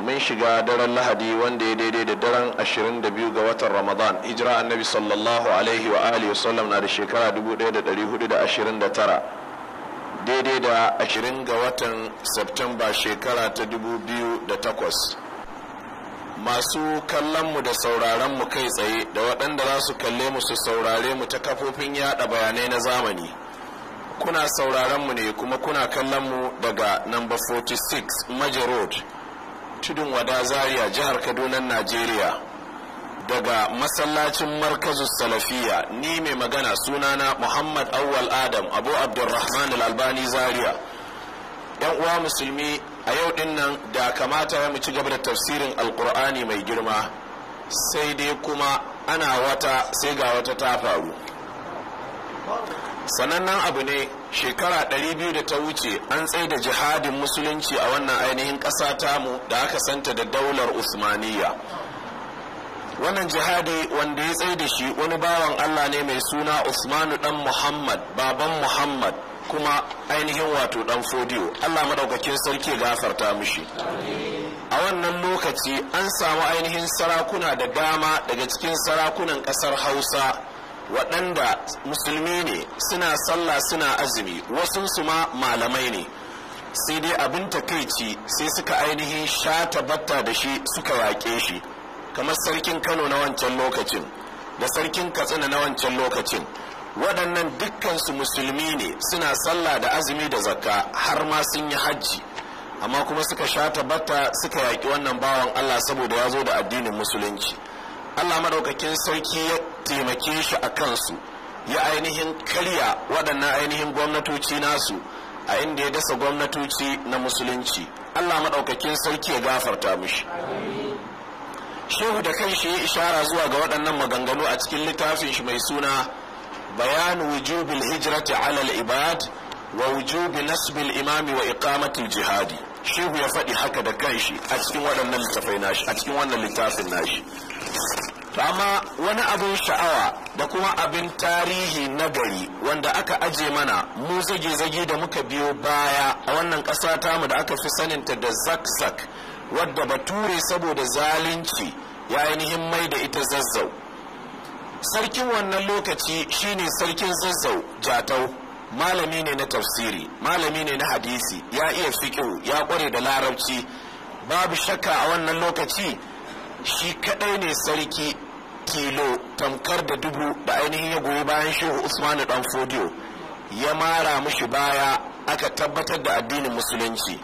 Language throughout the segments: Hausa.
mun shiga daren lahadi wanda ya daidai da daren 22 ga watan ramadan Ijira annabi sallallahu alaihi wa alihi wasallam na da shekara 1429 daidai da 20 ga watan septemba shekara ta 2008 masu kallonmu da sauraronmu kai tsaye da waɗanda za su kalle mu su saurare mu ta kafofin yada bayanai na zamani kuna sauraronmu ne kuma kuna kallonmu daga number 46 major road tudun wada zaria jihar kaduna najeriya daga masallacin markazu salafiya ni mai magana sunana muhammad awwal adam abu abdulrahman al-albani zaria yan uwa musulmi a yau din nan da kamata ya mu ci gaba da tafsirin alkur'ani mai girma sai dai kuma ana wata sai ga wata ta faru sanannen abu ne shekara 200 da ta wuce an tsaye da jihadin musulunci a wannan ainihin ƙasa tamu da aka santa da daular usmaniya wannan jihadi wanda ya tsaye da shi wani bawan allah ne mai suna usmanu dan muhammad baban muhammad kuma ainihin wato dan fodiyo allah madaukakin sarki gafarta mushi a wannan lokaci an samu ainihin sarakuna da dama daga cikin sarakunan ƙasar hausa waɗanda musulmi ne suna sallah suna azumi su ma malamai ne sai dai abin takaici sai suka ainihin sha batta da shi suka waƙe shi kamar sarkin kano na wancan lokacin da sarkin katsina na wancan lokacin waɗannan dukkansu musulmi ne suna sallah da azumi da zakka har ma sun yi hajji amma kuma suka sha batta suka yaƙi wannan bawan allah saboda ya zo da addinin musulunci allah madaukakin sarki taimake shi a kansu ya ainihin karya waɗannan ainihin gwamnatoci nasu a inda ya dasa gwamnatoci na musulunci allah maɗaukakin sarki ya gafarta mishi shehu da kan shi ya ishara zuwa ga waɗannan maganganu a cikin littafin shi mai suna bayan wujubin hijrati alal ibad wa wujubi nasibin imami wa iqamatil jihadi shehu ya faɗi haka da kanshi a cikin waɗannan littafin nashi to amma wani abin sha'awa da kuma abin tarihi na gari wanda aka aje mana mu zage-zage da muka biyo baya a wannan ƙasa tamu da aka fi saninta da zakzak wadda bature saboda zalunci ya ainihin mai da ita zazzau sarkin wannan lokaci shine sarkin zazzau jatau malami ne na tafsiri malami ne na hadisi ya iya fiƙo ya kware da larabci babu shakka a wannan lokaci shi kadai ne sarki kilo tamkar da dubu da ainihin ya goyi bayan shehu usmanu dan fodiyo ya mara mushi baya aka tabbatar da addinin musulunci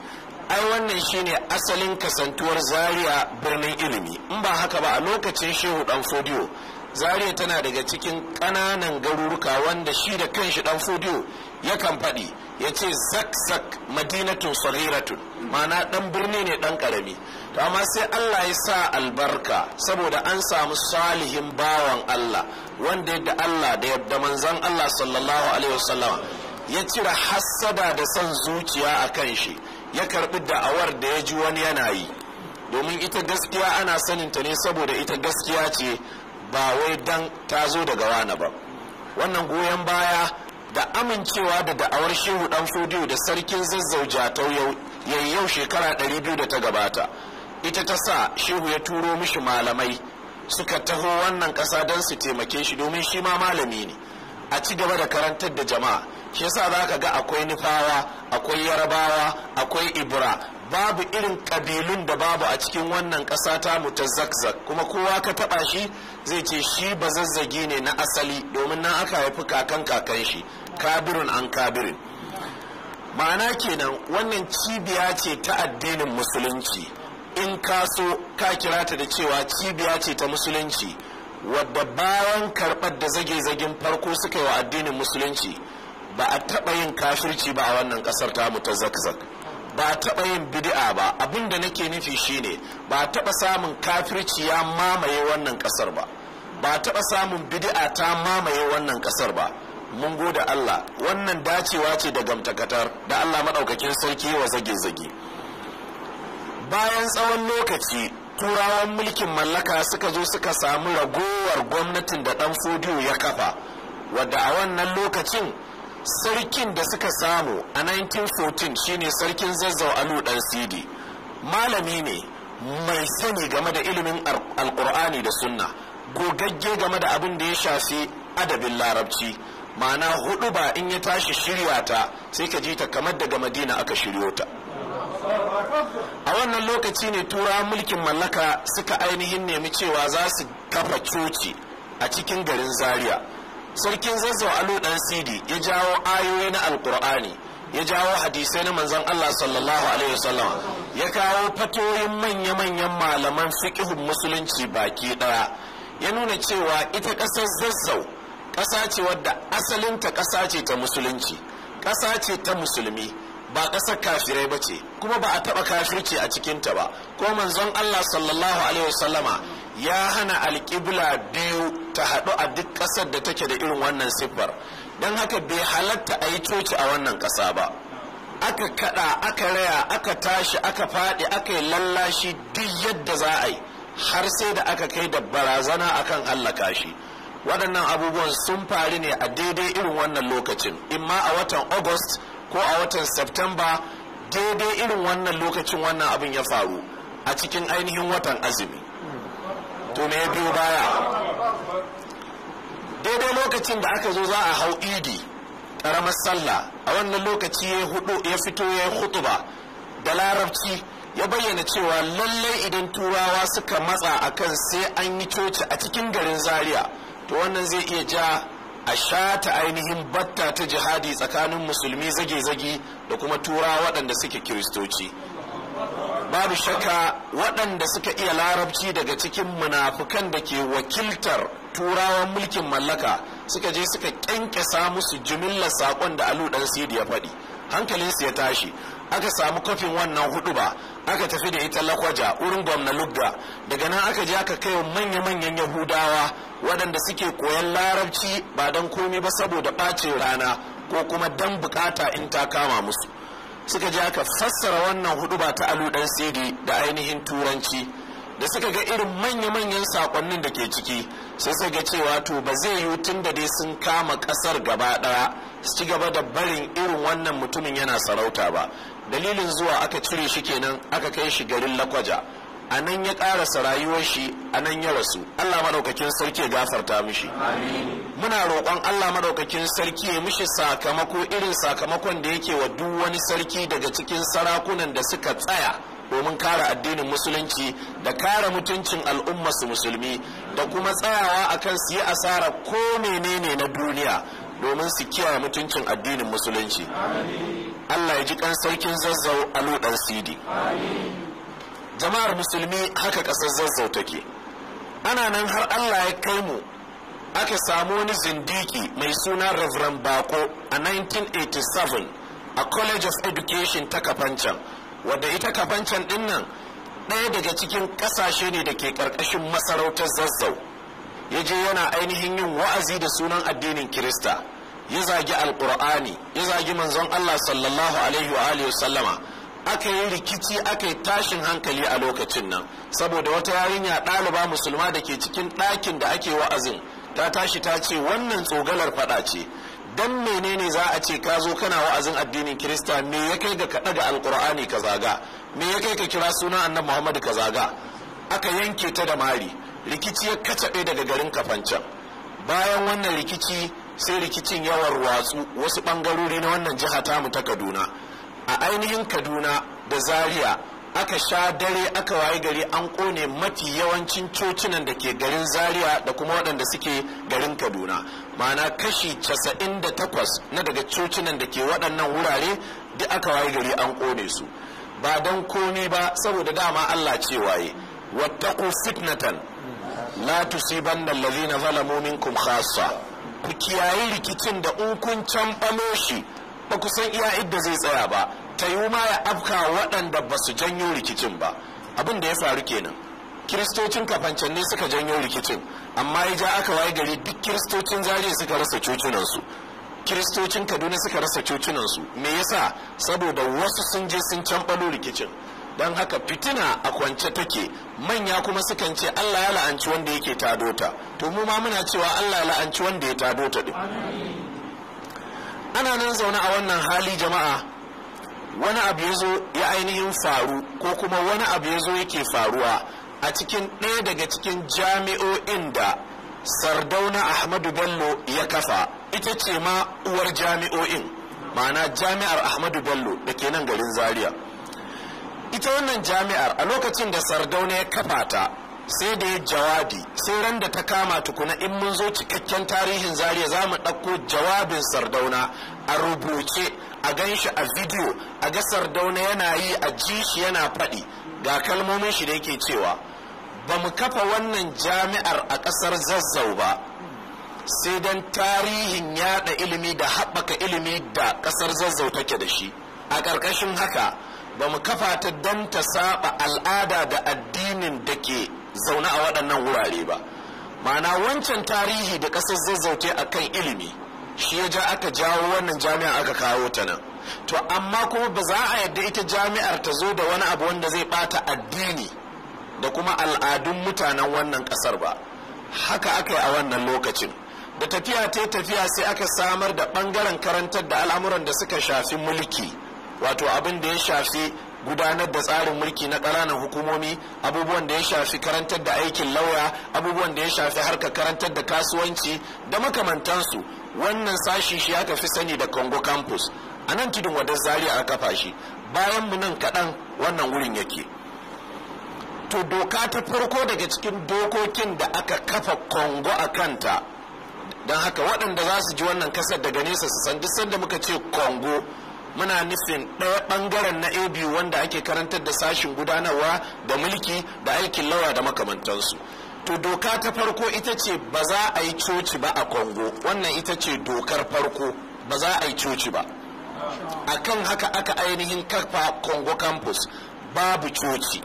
ai wannan shine asalin kasantuwar zaria birnin ilimi in ba haka ba a lokacin shehu dan fodiyo zaria tana daga cikin ƙananan garuruka wanda shi da kanshi dan fodiyo yakan faɗi ya ce zakzak madinatun sagiratun ma'ana ɗan birni ne ɗan ƙarami to amma sai Allah ya sa albarka saboda an samu salihin bawan Allah wanda yadda Allah da yadda manzan Allah sallallahu alaihi wasallam ya cire hassada da son zuciya a kan shi ya karɓi da'awar da ya ji wani yana yi domin ita gaskiya ana saninta ne saboda ita gaskiya ce ba wai dan ta zo daga wani ba wannan goyon baya da amincewa da da'awar shehu dan fudiyo da sarkin zazzau jatau yau shekara 200 da ta gabata ita ta sa shehu ya turo mishi malamai suka taho wannan ƙasa don su taimake shi domin shi ma malami ne a ci gaba da karantar da jama'a shi yasa za ka ga akwai nufawa akwai yarabawa akwai ibra babu irin ƙabilun da babu a cikin wannan ƙasa ta mu ta zakzak kuma kowa ka taɓa shi zai ce shi ba zazzagi ne na asali domin na aka haifi kakan kakan shi kabirun an kabirin ma'ana kenan wannan cibiya ce ta addinin musulunci in ka so ka kira ta da cewa cibiya ce ta musulunci wadda bayan karɓar da zage-zagen farko suka yi wa addinin musulunci ba a taɓa yin kafirci ba a wannan ƙasar tamu ta zakzak ba a taɓa yin bidi'a ba abin da nake nufi shine ba a taɓa samun kafirci ya mamaye wannan ƙasar ba ba a taɓa samun bidi'a ta mamaye wannan ƙasar ba mun gode Allah wannan dacewa ce da gamtakatar da Allah maɗaukakin sarki wa zage-zage bayan tsawon lokaci turawan mulkin mallaka suka zo suka samu ragowar gwamnatin da ɗan fodiyo ya kafa wadda a wannan lokacin sarkin da suka samu a 1914 shine sarkin zazzau alu ɗan sidi malami ne mai sani game da ilimin alkur'ani da sunna gogagge game da abin da ya shafi adabin larabci ma'ana hudu ba in ya tashi shirya ta sai ka ji ta kamar daga madina aka shiryo ta a wannan lokaci ne tura mulkin mallaka suka ainihin nemi cewa za su kafa coci a cikin garin zaria sarkin zazzau alu dan sidi ya jawo ayoyi na alkur'ani ya jawo hadisai na manzon allah sallallahu alaihi wasallam ya kawo fatoyin manya-manyan malaman fiqihun musulunci baki ɗaya, ya nuna cewa ita ƙasar zazzau ƙasa ce wadda asalinta ƙasa ce ta musulunci ƙasa ce ta musulmi ba ƙasar kafirai ba ce kuma ba a taɓa kafirci a cikinta ba ko manzon Allah sallallahu alaihi wasallama ya hana alƙibla biyu ta haɗu a duk ƙasar da take da irin wannan siffar don haka bai halatta a yi coci a wannan ƙasa ba aka kaɗa aka raya aka tashi aka faɗi aka yi lallashi duk yadda za a yi har sai da aka kai da barazana akan hallaka shi waɗannan abubuwan sun faru ne a daidai irin wannan lokacin imma a watan august ko a watan september daidai irin wannan lokacin wannan abin ya faru a cikin ainihin watan azumi to me biyo baya daidai lokacin da aka zo za a hau idi ƙaramar sallah a wannan lokaci ya hudu ya fito ya hutuba da larabci ya bayyana cewa lallai idan turawa suka matsa a kan sai an yi coci a cikin garin zaria to wannan zai iya ja a shata ainihin batta ta jihadi tsakanin musulmi zage-zage da kuma tura waɗanda suke kiristoci babu shaka waɗanda suka iya larabci daga cikin munafukan da ke wakiltar turawan mulkin mallaka suka je suka kyankyasa musu jimillar saƙon da aludan ɗan sidi ya faɗi hankalinsu ya tashi aka samu kwafin wannan hudu ba aka tafi da ita lakwaja wurin gwamna lugga daga nan aka je aka kai wa manya-manyan yahudawa waɗanda suke koyan larabci ba don komi ba saboda ɓacin rana ko kuma don bukata in ta kama musu suka ji aka fassara wannan hudu ba ta ɗan sirri da ainihin turanci da suka ga irin manya-manyan sakonnin da ke ciki sai suka ga cewa to ba zai yi tun da dai sun kama ƙasar gaba ɗaya su ci gaba da barin irin wannan mutumin yana sarauta ba dalilin zuwa aka cire shi kenan aka kai shi garin lakwaja a nan ya ƙarasa rayuwar shi a nan ya rasu Allah maɗaukakin sarki ya gafarta mishi muna roƙon Allah maɗaukakin sarki ya mishi sakamako irin sakamakon da yake wa duk wani sarki daga cikin sarakunan da suka tsaya domin kare addinin musulunci da kare mutuncin su musulmi da kuma tsayawa akan su yi asara ko menene na duniya domin su kiyaye mutuncin addinin musulunci Allah ya ji kan sarkin zazzau a luɗan sidi jama'ar musulmi haka ƙasar zazzau take ana nan har allah ya kai mu aka samu wani zindiki mai suna reverend bako a 1987 a college of education ta kafancan wadda ita kafancan din nan ɗaya daga cikin ƙasashe ne da ke ƙarƙashin masarautar zazzau ya je yana ainihin yin wa'azi da sunan addinin kirista ya zagi alƙur'ani ya zagi manzon allah sallallahu alaihi wa sallama aka yi rikici aka yi tashin hankali a lokacin nan saboda wata yarinya ɗaliba musulma da ke cikin ɗakin da ake wa'azin ta tashi ta ce wannan tsogalar faɗa ce dan menene za a ce ka zo kana wa'azin addinin kirista me ya kai ga kaɗa ga alkur'ani ka zaga me ya kai ka kira suna annabi muhammadu ka zaga aka yanke ta da mari rikici ya kacaɓe daga garin kafancan bayan wannan rikici sai rikicin yawar watsu wasu ɓangarori na wannan jiha mu ta kaduna a ainihin kaduna da zaria aka sha dare aka waye gari an kone mafi yawancin cocinan da ke garin zaria da kuma waɗanda suke garin kaduna ma'ana kashi 98 na daga cocinan da ke waɗannan wurare duk aka waye gari an kone su ba don kone ba saboda dama allah ce waye wattaku fitnatan la da allazina zalamu minkum khasa ku kiyayi rikicin da in kun can shi ba kusan iya idda zai tsaya ba ta yi ma ya afka waɗanda ba su janyo rikicin ba abin da ya faru kenan kiristocin kafancan ne suka janyo rikicin amma ya ja aka waye gari duk kiristocin zariya suka rasa cocinansu kiristocin kaduna suka rasa cocinansu me yasa saboda wasu sun je sun canɓalo rikicin don haka fitina a kwance take manya kuma sukan ce allah ya la'anci wanda yake tadota to mu ma muna cewa allah ya la'anci wanda ya tadota din ana nan zaune a wannan hali jama'a wani abu ya zo ya ainihin faru ko kuma wani abu ya zo yake faruwa a cikin ɗaya daga cikin jami'o'in da sardauna ahmadu bello ya kafa ita ce ma uwar jami'o'in ma'ana jami'ar ahmadu bello da ke nan garin zaria ita wannan jami'ar a lokacin da sardauna ya kafa ta sai da ya jawabi sai ran da ta kama tukuna in mun zo cikakken tarihin zariya za mu ɗauko jawabin sardauna a rubuce a gan shi a bidiyo a ga sardauna yana yi a ji shi yana faɗi ga kalmomin shi da yake cewa ba mu kafa wannan jami'ar a ƙasar zazzau ba sai dan tarihin yaɗa ilimi da haɓaka ilimi da ƙasar zazzau take da shi a ƙarƙashin haka ba mu kafa ta don ta saba al'ada da addinin da ke zaune a waɗannan wurare ba ma'ana wancan tarihi da ƙasar zazzaute a kan ilimi shi ya ja aka jawo wannan jami'a aka kawo ta nan to amma kuma ba za a yadda ita jami'ar ta zo da wani abu wanda zai ɓata addini da kuma al'adun mutanen wannan ƙasar ba haka aka yi a wannan lokacin da tafiya ta tafiya sai aka samar da ɓangaren karantar da al'amuran da suka shafi mulki wato abin da ya shafi gudanar da tsarin mulki na ƙananan hukumomi abubuwan da ya shafi karantar da aikin lauya abubuwan da ya shafi harka karantar da kasuwanci da makamantansu wannan sashi shi aka fi sani da congo campus a nan tudun wadar zaria a kafa shi bayan mu nan kaɗan wannan wurin yake to doka ta farko daga cikin dokokin da aka kafa congo a kanta don haka waɗanda za su ji wannan kasar daga nesa su san duk sanda muka ce congo muna nufin ɗaya ɓangaren na abu wanda ake karantar da sashin gudanarwa da mulki da aikin lawa da makamantansu to doka ta farko ita ce ba za a yi coci ba a kongo wannan ita ce dokar farko ba za a yi coci ba a kan haka aka ainihin kafa kongo campus babu coci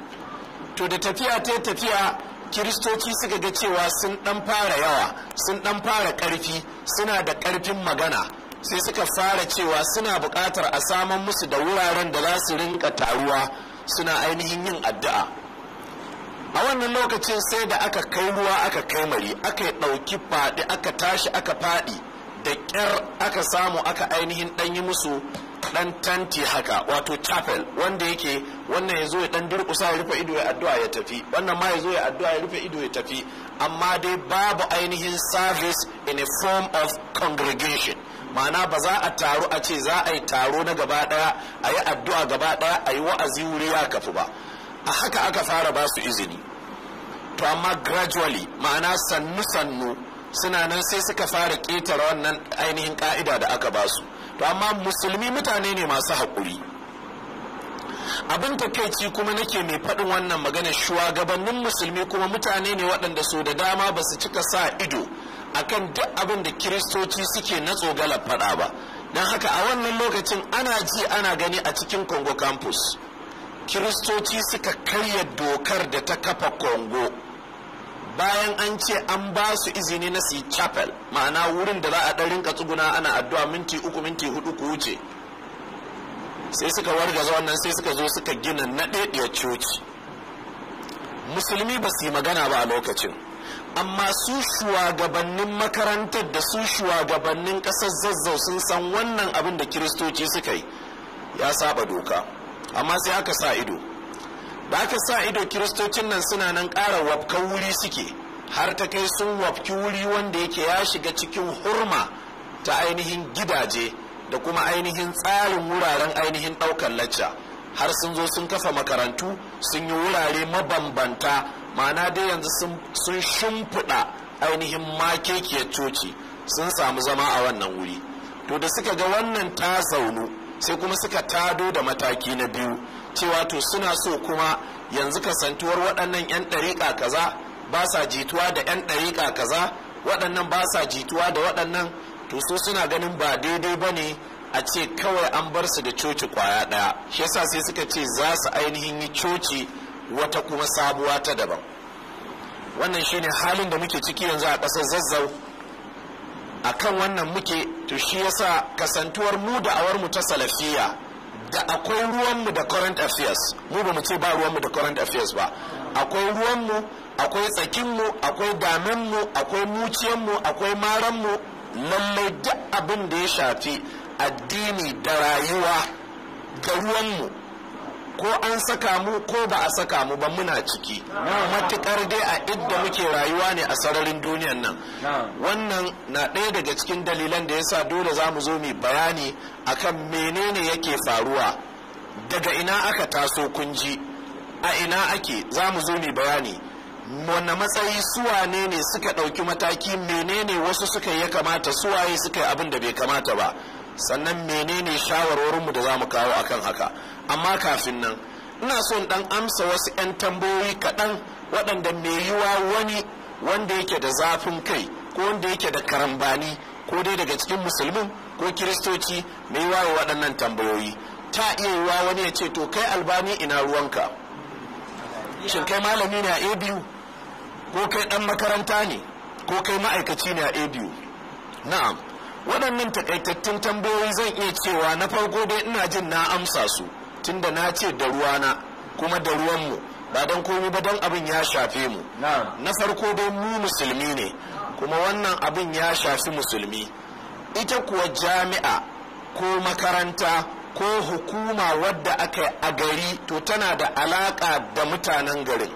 to da tafiya ta tafiya kiristoci suka ga cewa sun ɗan fara yawa sun ɗan fara ƙarfi suna da ƙarfin magana sai suka fara cewa suna bukatar a saman musu da wuraren da za su rinka taruwa suna ainihin yin addu'a a wannan lokacin sai da aka kai ruwa aka kai mari aka ɗauki faɗi aka tashi aka faɗi da ƙyar aka samu aka ainihin ɗanyi musu ɗan tanti haka wato chapel wanda yake wannan ya zo ya ɗan durƙusa ya rufe ido ya addu'a ya tafi wannan ma ya zo ya addu'a ya rufe ido ya tafi amma dai babu ainihin service in a form of congregation ma'ana ba za a taru a ce za a yi taro na gaba daya a yi addu'a gaba daya a yi wa'azi wuri ya kafu ba a haka aka fara ba su izini to amma gradually ma'ana sannu sannu suna nan sai suka fara ƙetare wannan ainihin ka'ida da aka ba su to amma musulmi mutane ne masu haƙuri abin takaici kuma nake mai faɗin wannan magana shugabannin musulmi kuma mutane ne waɗanda so da dama ba su cika sa ido akan duk abin da kiristoci suke na tsogalar fada ba don haka a wannan lokacin ana ji ana gani a cikin congo campus kiristoci suka karya dokar da ta kafa congo bayan an ce an ba su izini na si chapel ma'ana wurin da za a ɗarin rinka tsuguna ana addu'a minti uku minti hudu ku wuce sai suka warga wannan sai suka zo suka gina naɗaɗɗiyar coci musulmi ba su yi magana ba a lokacin amma su shugabannin makarantar da su shugabannin ƙasar zazzau sun san wannan abin da kiristoci suka yi ya saba doka amma sai aka sa ido da aka sa ido kiristocin nan suna nan ƙara wafkan wuri suke har ta kai sun wafki wuri wanda yake ya shiga cikin hurma ta ainihin gidaje da kuma ainihin tsarin wuraren ainihin ɗaukar lacca har sun zo sun kafa makarantu sun yi wurare mabambanta ma'ana dai yanzu sun shimfiɗa ainihin makekiyar coci sun samu zama a wannan wuri to da suka ga wannan ta zaunu sai kuma suka tado da mataki na biyu cewa to suna so kuma yanzu kasantuwar waɗannan 'yan ɗariƙa kaza ba sa jituwa da 'yan ɗariƙa kaza waɗannan ba sa jituwa da waɗannan to su suna ganin ba daidai ba ne a ce kawai an bar su da coci kwaya ɗaya shi yasa sai suka ce za su ainihin yi coci wata kuma sabuwa ta daban wannan shine halin da muke ciki yanzu a ƙasar zazzau a kan wannan muke to shi yasa kasantuwar mu da mu ta salafiya da akwai ruwanmu da current affairs mu ba mu ce ba ruwanmu da current affairs ba akwai ruwanmu akwai tsakinmu akwai damenmu akwai muciyanmu akwai maranmu lallai duk abin da ya shafi addini da rayuwa da ruwanmu ko an saka mu ko ba a saka mu ba muna ciki matukar dai a idda muke rayuwa ne a sararin duniyan nan wannan na ɗaya daga cikin dalilan da yasa dole za mu zo mu bayani akan menene yake faruwa daga ina aka taso kunji a ina ake za mu zo mu bayani wanne matsayi suwa ne ne suka ɗauki mataki menene wasu suka ya kamata suwaye suka yi abin da bai kamata ba sannan menene shawarwarinmu da za mu kawo akan haka amma kafin nan ina son dan amsa wasu 'yan tambayoyi kaɗan waɗanda mai yiwa wani wanda yake da zafin kai ko wanda yake da karambani ko dai daga cikin musulmin ko kiristoci mai yiwa waɗannan tambayoyi ta iya yiwa wani ya ce to kai albani ina ruwanka shin kai malami ne a abu ko kai ɗan makaranta ne ko kai ma'aikaci ne a abu na'am waɗannan takaitattun tambayoyi zan iya cewa na farko dai ina jin na amsa su tunda na ce da ruwana kuma da ruwanmu ba don komi ba don abin ya shafe mu na farko dai mu musulmi ne kuma wannan abin ya shafi musulmi ita kuwa jami'a ko makaranta ko hukuma wadda aka a gari to tana da alaƙa da mutanen garin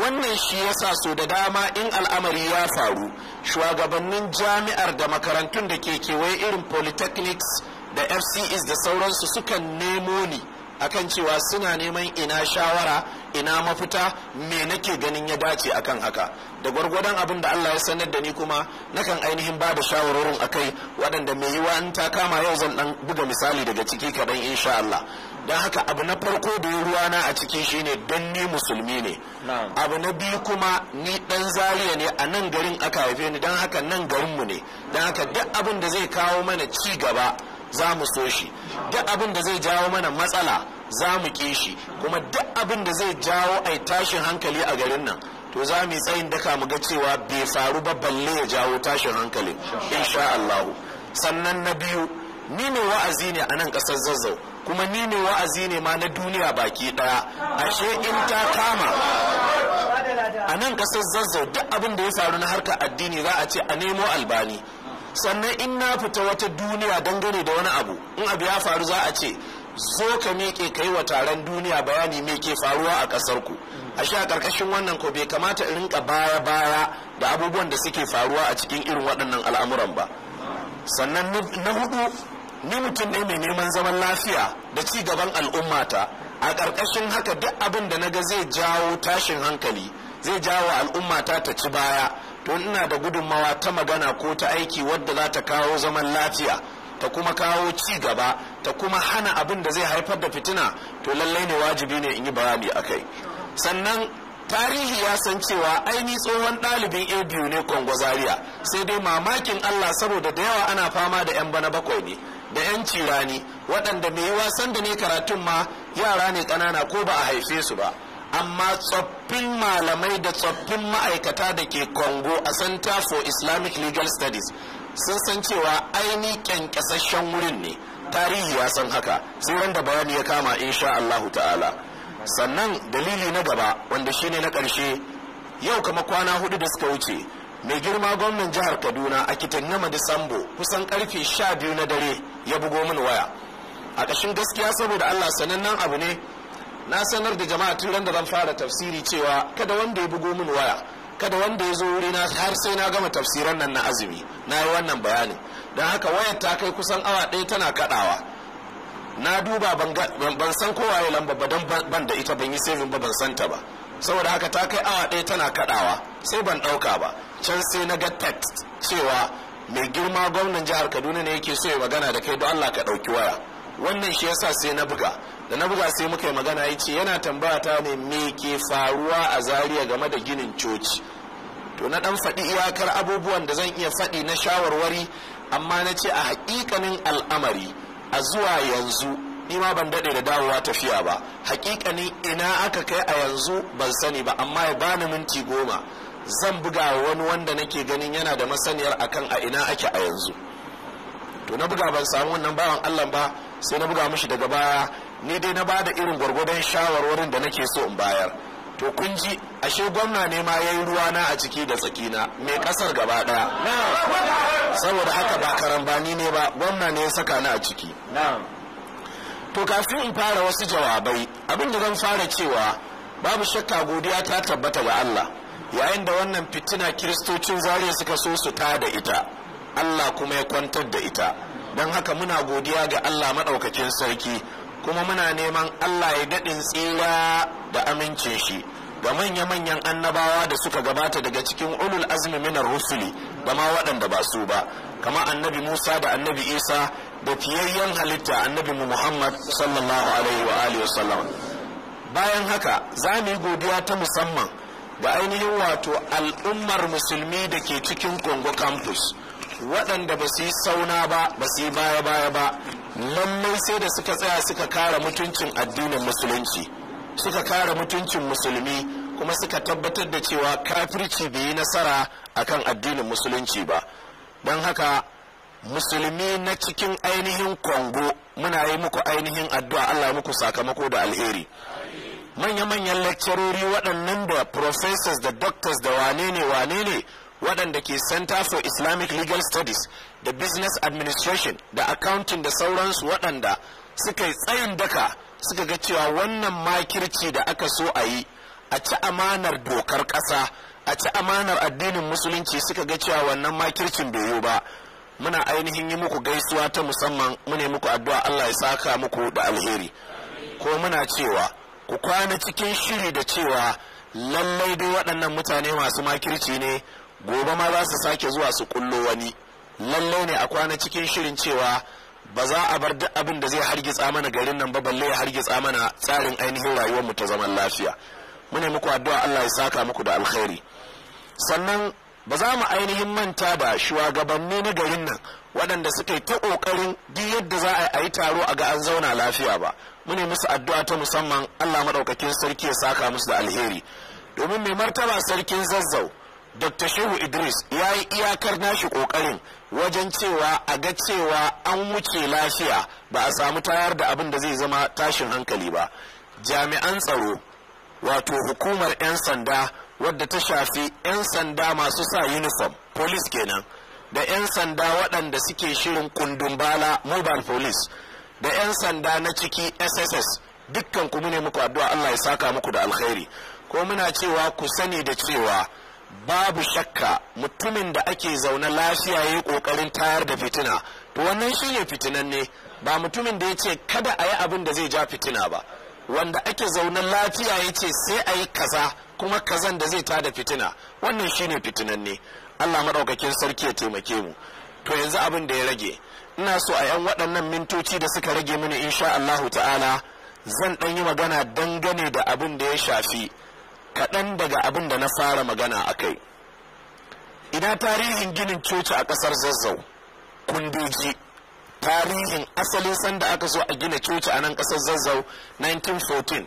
wannan shi yasa so da dama in al'amari ya faru shugabannin jami'ar da makarantun da ke kewaye irin polytechnics da fcs da sauransu sukan nemo ni akan cewa suna neman ina shawara ina mafita me nake ganin ya dace akan haka da gwargwadon abin da Allah ya sanar da ni kuma nakan ainihin ba da shawarorin akai waɗanda mai yi in ta kama yau zan dan buga misali daga ciki kaɗan insha Allah don haka abu na farko da ruwa na a cikin shi ne don ni musulmi ne abu na biyu kuma ni dan zariya ne a nan garin aka haife ni don haka nan garinmu ne don haka duk abin da zai kawo mana ci gaba za mu so shi duk abin da zai jawo mana matsala za mu ke shi kuma duk abin da zai jawo a tashin hankali a garin nan to za mu yi tsayin daka mu ga cewa bai faru ba balle ya jawo tashin hankali insha Allah sannan na biyu ni ne wa'azi ne a nan ƙasar zazzau kuma ni ne wa'azi ne ma na duniya baki daya ashe in ta kama a nan kasar zazzau duk abin da ya faru na harkar addini za a ce a nemo albani sannan in na fita wata duniya dangane da wani abu in abu ya faru za a ce zo ka miƙe kai wa taron duniya bayani me ke faruwa a ƙasar ku a sha ƙarƙashin wannan ko bai kamata in rinka baya baya da abubuwan da suke faruwa a cikin irin waɗannan al'amuran ba sannan na hudu ni mutum ne mai neman zaman lafiya da ci gaban al'ummata a ƙarƙashin haka duk abin da naga zai jawo tashin hankali zai jawo al'ummata ta ci baya to ina da gudunmawa ta magana ko ta aiki wadda za ta kawo zaman lafiya ta kuma kawo ci gaba ta kuma hana abin da zai haifar da fitina to lallai ne wajibi ne in yi bayani a kai sannan tarihi ya san cewa aini tsohon ɗalibin a biyu ne kongo zaria sai dai mamakin allah saboda da yawa ana fama da 'yan bana bakwai ne da 'yan rani waɗanda mai wasan da ne karatun ma yara ne ƙanana ko ba a haife su ba amma tsoffin malamai da tsoffin ma'aikata da ke congo a center for islamic legal studies sun san cewa aini kyankyasashen wurin ne tarihi ya san haka sai wanda bayani ya kama insha allahu ta'ala sannan dalili na gaba wanda shine na ƙarshe yau kama kwana hudu da suka wuce mai girma gwamnan jihar kaduna a kitin na madisambo kusan karfe sha biyu na dare ya bugo min waya a ƙashin gaskiya saboda allah sanannen abu ne na sanar da jama'a tun da zan fara tafsiri cewa kada wanda ya bugo min waya kada wanda ya zo wuri na har sai na gama tafsiran nan na azumi na yi wannan bayani don haka wayar ta kai kusan awa ɗaya tana kaɗawa na duba ban san kowa ya lamba ba don ban da ita ban yi saving ba ban santa ba saboda haka ta kai awa ɗaya tana kaɗawa sai ban ɗauka ba can sai na gattat cewa mai girma gwamnan jihar kaduna ne yake so ya magana da kai don allah ka ɗauki waya wannan shi yasa sai na buga da na buga sai muka yi magana ya ce yana tambaya ta ne me ke faruwa a zaria game da ginin coci to na dan faɗi iyakar abubuwan da zan iya faɗi na shawarwari amma na ce a haƙiƙanin al'amari a zuwa yanzu ni ma ban daɗe da dawowa tafiya ba haƙiƙanin ina aka kai a yanzu ban sani ba amma ya bani minti goma zan buga wani wanda nake ganin yana da masaniyar akan a ina ake a yanzu to na buga ban samu wannan bawan Allah ba sai na buga mishi daga baya ne dai na bada irin gwargwadon shawarwarin da nake so in bayar to kun ji ashe gwamna ne ma yayi ruwa na a ciki da tsakina mai kasar gaba daya saboda haka ba karambani ne ba gwamna ne ya saka ni a ciki to kafin in fara wasu jawabai abin da zan fara cewa babu shakka godiya ta tabbata ga Allah yayin da wannan fitina kiristocin zariya suka so su ta da ita allah kuma ya kwantar da ita don haka muna godiya ga allah maɗaukakin sarki kuma muna neman allah ya daɗin tsira da amincin shi ga manya-manyan annabawa da suka gabata daga cikin ulul azmi minar rusuli da ma waɗanda ba su ba kama annabi musa da annabi isa da fiyayyen halitta annabi muhammad sallallahu alaihi wa alihi wasallam bayan haka za mu yi godiya ta musamman da ainihin wato al'ummar musulmi da ke cikin kongo campus waɗanda ba su yi sauna ba ba su yi baya-baya ba lallai sai da suka tsaya suka kara mutuncin addinin musulunci suka kara mutuncin musulmi kuma suka tabbatar da cewa kafirci bai yi nasara akan addinin musulunci ba don haka musulmi na cikin ainihin kongo muna yi muku ainihin addu'a allah muku sakamako da alheri manya-manyan lakcarori waɗannan da professors da doctors da wane ne wane ne waɗanda ke center for islamic legal studies da business administration da accounting da sauransu waɗanda suka yi tsayin daka suka ga cewa wannan makirci da aka so a yi a ci amanar dokar ƙasa a ci amanar addinin musulunci suka ga cewa wannan makircin bai yiwu ba muna ainihin yi muku gaisuwa ta musamman ne muku addu'a Allah ya saka muku da alheri ko muna cewa ku kwana cikin shiri da cewa lallai dai waɗannan mutane masu makirci ne gobe ma za su sake zuwa su kullo wani lallai ne a kwana cikin shirin cewa ba za a bar duk abin da zai hargitsa mana garin nan ba balle ya hargitsa mana tsarin ainihin rayuwar mu ta zaman lafiya mu ne muku addu'a Allah ya saka muku da alkhairi sannan ba za mu ainihin manta ba shugabanni na garin nan waɗanda suka yi ta ƙoƙarin duk yadda za a yi taro a ga an zauna lafiya ba muna musu addu'a ta musamman Allah madaukakin sarki ya saka musu da alheri domin mai martaba sarkin zazzau Dr. Shehu Idris ya yi iyakar nashi kokarin wajen cewa a ga cewa an wuce lafiya ba a samu tayar da abin da zai zama tashin hankali ba jami'an tsaro wato hukumar 'yan sanda wadda ta shafi 'yan sanda masu sa uniform police kenan da 'yan sanda waɗanda suke shirin kundumbala mobile police da 'yan sanda na ciki sss dukkan ku ne muku addu'a allah ya saka muku da alkhairi ko muna cewa ku sani da cewa babu shakka mutumin da ake zaune lafiya ya kokarin tayar da fitina to wannan shine fitinan ne ba mutumin da ya ce kada a yi abin da zai ja fitina ba wanda ake zaune lafiya ya ce sai a yi kaza kuma kazan da zai tada fitina wannan shine fitinan ne allah maɗaukakin sarki ya taimake mu to yanzu abin da ya rage ina so a 'yan waɗannan mintoci da suka rage mini insha Allahu ta'ala zan ɗan yi magana dangane da abin da ya shafi kaɗan daga abin da na fara magana a kai ina tarihin ginin coci a ƙasar zazzau kundoji tarihin asalin sanda aka zo a gina coci a nan ƙasar zazzau 1914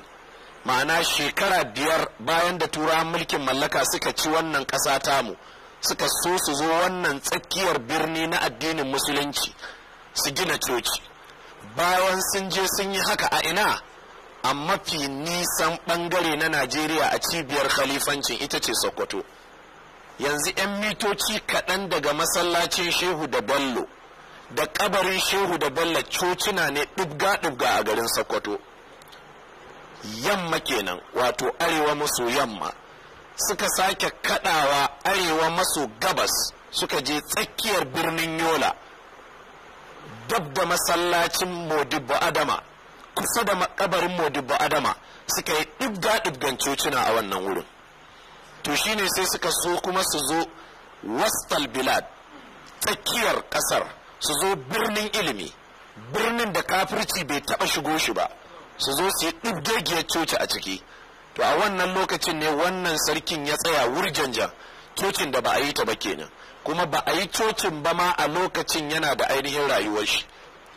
ma'ana shekara biyar bayan da turawan mulkin mallaka suka ci wannan ƙasa tamu suka so su zo wannan tsakiyar birni na addinin musulunci su gina coci bayan sun je sun yi haka a ina a mafi nisan bangare na najeriya a cibiyar khalifancin ita ce sokoto yanzu 'yan mitoci kaɗan daga masallacin shehu da bello da kabarin shehu da bello cocina ne ɗubga-ɗubga a garin sokoto yamma kenan wato arewa maso yamma suka sake kaɗawa arewa maso gabas suka je tsakiyar birnin yola dab da masallacin modibbo adama kusa da makabarin modibbo adama suka yi ɗibga ɗibgan cocina a wannan wurin to shine sai suka so kuma su zo wastal bilad tsakiyar ƙasar su zo birnin ilimi birnin da kafirci bai taɓa shigo shi ba su zo su yi ɗibgegiyar coci a ciki to a wannan lokacin ne wannan sarkin ya tsaya wurjanjan cocin da ba a yi ta ba kenan kuma ba a yi cocin ba ma a lokacin yana da ainihin rayuwar shi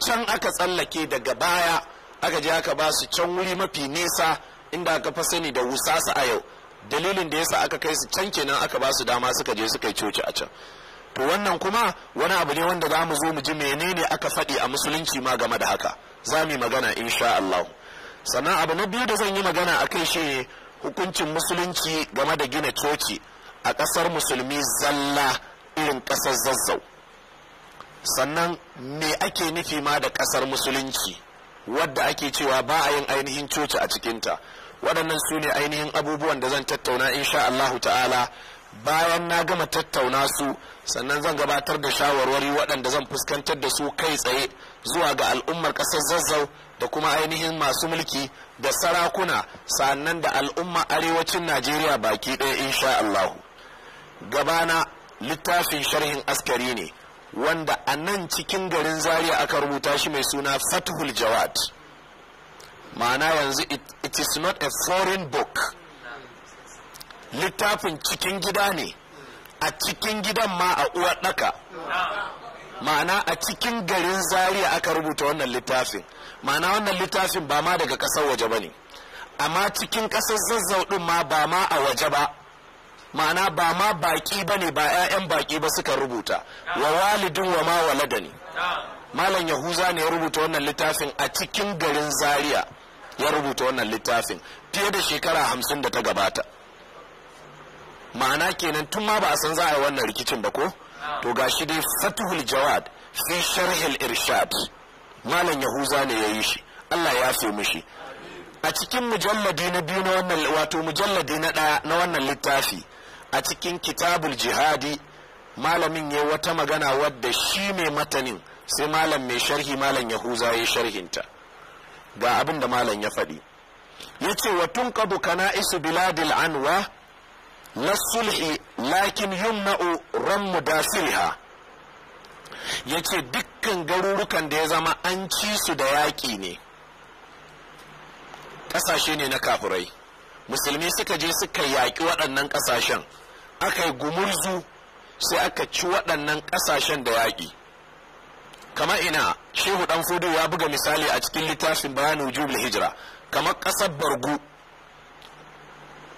can aka tsallake daga baya aka je aka ba su can wuri mafi nesa inda aka fa sani da wusasa a yau dalilin da yasa aka kai su can kenan aka ba su dama suka je suka yi coci a can to wannan kuma wani abu ne wanda za mu zo mu ji menene aka faɗi a musulunci ma game da haka za mu yi magana insha Allah sannan abu na biyu da zan yi magana a kai shi hukuncin musulunci game da gina coci a ƙasar musulmi zalla irin ƙasar zazzau sannan me ake nufi ma da kasar musulunci wadda ake cewa ba a yin ainihin coci a cikinta waɗannan su ne ainihin abubuwan da zan tattauna insha Allahu ta'ala bayan na gama tattauna su sannan zan gabatar da shawarwari waɗanda zan fuskantar da su kai tsaye zuwa ga al'ummar ƙasar zazzau da kuma ainihin masu mulki da sarakuna sannan da al'umma arewacin najeriya baki ɗaya insha Allahu gabana littafin sharhin askari ne wanda a nan cikin garin zaria aka rubuta shi mai suna fathul jawad ma'ana yanzu it, is not a foreign book littafin cikin gida ne a cikin gidan ma a uwa ɗaka ma'ana a cikin garin zaria aka rubuta wannan littafin ma'ana wannan littafin ba ma daga ƙasar waje ba ne amma cikin ƙasar zazzau ɗin ma ba ma a waje ba ma'ana ba ma baki ba ne ba 'ya'yan baki ba suka rubuta wa walidin wa ma walada ne malam yahuza ne ya rubuta wannan littafin a cikin garin zaria ya rubuta wannan littafin fiye da shekara hamsin da ta gabata ma'ana kenan tun ma ba a san za a yi wannan rikicin ba ko to gashi dai fatuhul jawad fi sharhil irshad malam yahuza ne ya yi shi allah ya fi mishi a cikin mujalladi na biyu na wannan wato mujalladi na ɗaya na wannan littafi a cikin kitabul jihadi malamin ya wata magana wadda shi mai matanin sai malam mai sharhi malam yahuza ya sharhinta ga abin da malam ya faɗi ya ce wa tun kadu kana isu biladil anwa na sulhi lakin mu da sulha ya ce dukkan garurukan da ya zama an ci su da yaƙi ne ƙasashe ne na kafurai musulmi suka je suka yaƙi waɗannan ƙasashen aka yi gumurzu sai aka ci waɗannan ƙasashen da yaƙi kama ina shehu ɗan fudu ya buga misali a cikin littafin bayanin wujubul hijira kama ƙasar bargu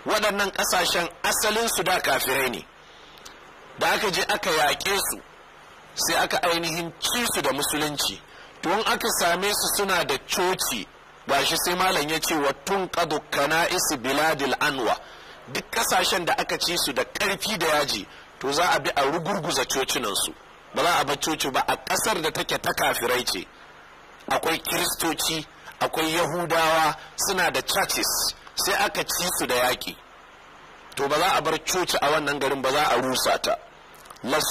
waɗannan ƙasashen asalinsu da kafirai ne da aka je aka yaƙe su sai aka ainihin ci su da musulunci to aka same su suna da coci gashi sai malam ya ce wa tun kana isi biladil anwa duk kasashen da aka ci su da karfi da yaji to za a bi a rugurguza cocinansu ba za a bar coci ba a ƙasar da take ta kafirai ce akwai kiristoci akwai yahudawa suna da churches sai aka ci su da yaƙi to ba za a bar coci a wannan garin ba za a rusa ta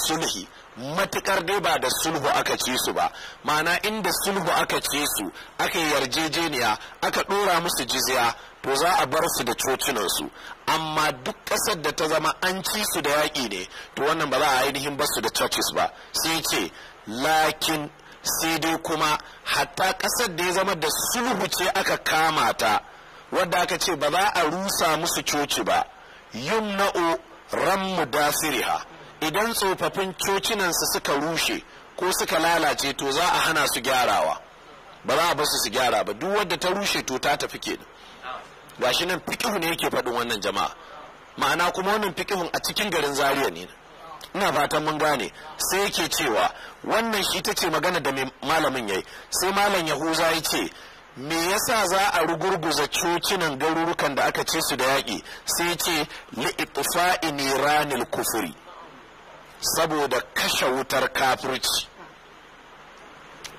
sulhi matukar dai ba da sulhu aka ci su ba ma'ana inda sulhu aka ce su aka yarjejeniya aka dora musu jiziya to za a bar su da cocinansu amma duk ƙasar da ta zama an ci su da yaƙi ne to wannan ba za a ainihin bar su da churches ba sai ce lakin sai dai kuma hatta ƙasar da ya zama da sulhu ce aka kama ta wadda aka ce ba za a rusa musu coci ba yumna'u ran mudasiriha idan tsofaffin cocinansu suka rushe ko suka lalace to za a hana su gyarawa ba za a basu su gyara ba duk wadda ta rushe to ta tafi kenan gashi nan fikihu ne yake faɗin wannan jama'a ma'ana kuma wannan fikihun a cikin garin zaria ne ina fatan mun gane sai yake cewa wannan shi ta ce magana da malamin yayi sai malam yahuza ya ce me yasa za a rugurguza cocinan garurukan da aka ce su da yaƙi sai ce li'itfa'i niranil kufuri saboda kashe wutar kafirci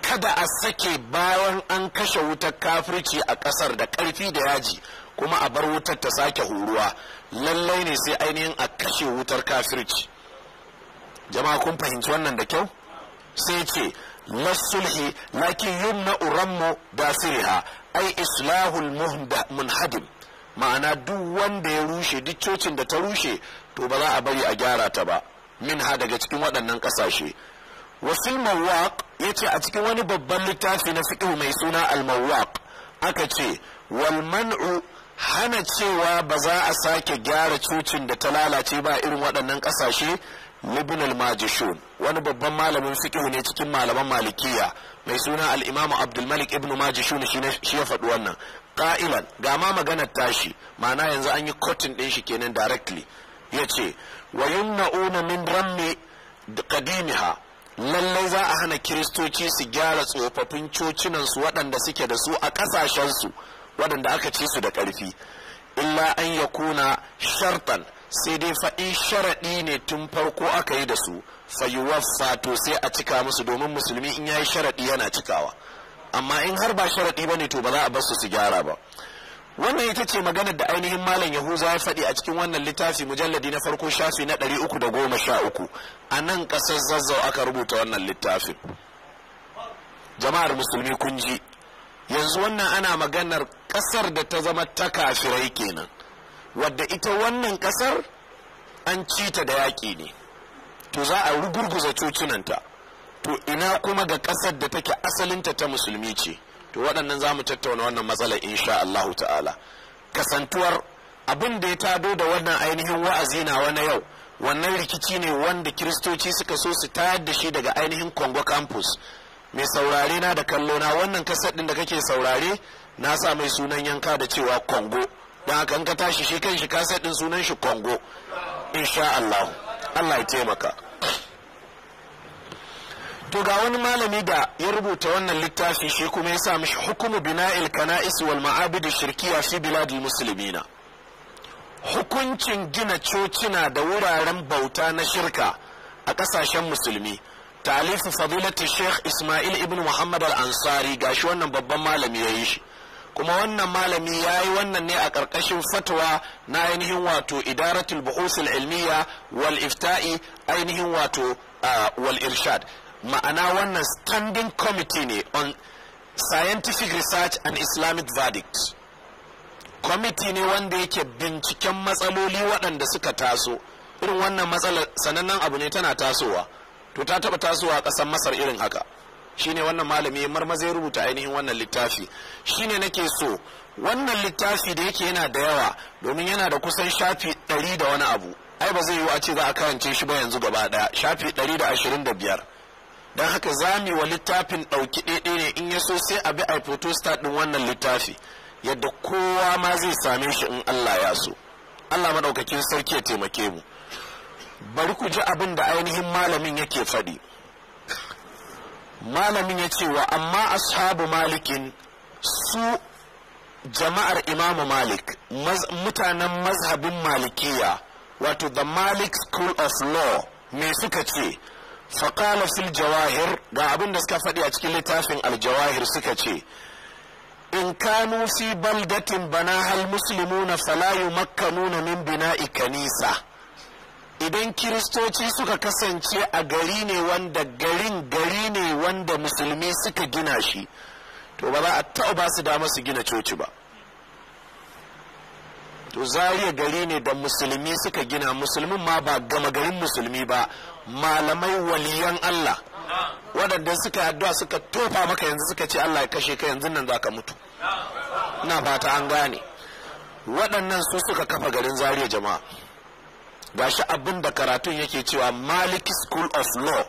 kada a sake bayan an kashe wutar kafirci a ƙasar da karfi da yaji kuma a bar wutar ta sake huruwa lallai ne sai ainihin a kashe wutar kafirci jama'a kun fahimci wannan da kyau sai ce lasulhi lakin uranmu da dasiriha ai islahul munhadim ma'ana duk wanda ya rushe duk da ta rushe to ba za a bari a gyara ta ba Min ha daga cikin waɗannan ƙasashe wasil mawaq ya ce a cikin wani babban littafi na fiƙi mai suna al-mawaq aka ce wal man'u hana cewa ba za a sake gyara cocin da ta lalace ba irin waɗannan ƙasashe libin al-majishun wani babban malamin fiƙi ne cikin malaman malikiya mai suna al-imamu abdulmalik ibnu majishun shi ya faɗi wannan ƙa'ilan gama ma maganar tashi ma'ana yanzu an yi kotun ɗin shi kenan directly ya ce wa yumna'una min rammi qadimiha lallai za a hana kiristoci su gyara tsofaffin cocinansu waɗanda suke da su a su waɗanda aka ce su da ƙarfi illa an ya kuna shartan sai dai faɗi sharaɗi ne tun farko aka yi da su fayuwaffa to sai a cika musu domin musulmi in ya yi sharaɗi yana cikawa amma in har ba sharaɗi ba ne to ba za a bar su su gyara ba wannan ita ce maganar da ainihin malam yahuza ya faɗi a cikin wannan littafi mujalladi na farko shafi na ɗari uku da goma sha uku a nan ƙasar zazzau aka rubuta wannan littafin jama'ar musulmi kun ji yanzu wannan ana maganar ƙasar da ta zama ta kafirai kenan wadda ita wannan ƙasar an ci ta da yaƙi ne to za a rugurguza cocinanta to ina kuma ga ƙasar da take asalinta ta musulmi ce to waɗannan za mu tattauna wannan matsalar insha Allah. ta'ala kasantuwar abin da ya tado da wannan ainihin wa'azi na wani yau wannan rikici ne wanda kiristoci suka so su tayar da shi daga ainihin congo campus mai saurare na da kallo na wannan kasar ɗin da kake saurare na sa mai sunan yanka da cewa congo don haka an ka tashi shi kan shi kasar ɗin sunan shi congo insha Allah Allah ya taimaka to wani malami da ya rubuta wannan littafi shi kuma ya sa mishi hukumu bina'il kana'is wal ma'abid shirkiya fi biladil muslimina hukuncin gina coci na da wuraren bauta na shirka a kasashen musulmi talifu fadilati sheikh ismail ibn muhammad al-ansari gashi wannan babban malami ya yi shi kuma wannan malami ya yi wannan ne a ƙarƙashin fatwa na ainihin wato idaratul buhusul ilmiyya wal ifta'i ainihin wato wal irshad ma'ana wannan standing committee ne on scientific research and islamic verdict Committee ne wanda yake binciken matsaloli waɗanda suka taso irin wannan matsalar sanannen abu ne tana tasowa to ta taɓa tasowa a ƙasar masar irin haka shine wannan malami marmaza ya rubuta ainihin wannan littafi shine nake so wannan littafi da yake yana da yawa domin yana da kusan shafi ɗari da wani abu ai ba zai yiwu a ce za a karance shi ba yanzu gaba ɗaya shafi ɗari da ashirin da biyar don haka zami wa littafin ɗauki ɗaiɗai ne in ya so sai a bi a photostat ɗin wannan littafi yadda kowa ma zai same shi in Allah ya so Allah maɗaukakin sarki ya taimake mu bari ku ji abin da ainihin malamin yake faɗi malamin ya ce wa amma ashabu malikin su jama'ar imamu malik mutanen mazhabin malikiya wato the malik school of law me suka ce faƙala fil jawahir ga abin da suka faɗi a cikin littafin aljawahir suka ce in kanu fi baldatin bana hal muslimuna fala yumakkanuna min bina'i kanisa idan kiristoci suka kasance a gari ne wanda garin gari ne wanda musulmi suka gina shi to ba za a tau ba su dama su gina coci ba to zariya gari ne da musulmi suka gina musulmin ma ba gama garin musulmi ba malamai waliyan Allah waɗanda suka addu'a suka tofa maka yanzu suka ce Allah ya kashe ka yanzu nan zaka mutu na fata an gane waɗannan su suka kafa garin zariya jama'a gashi abin da karatun yake cewa maliki school of law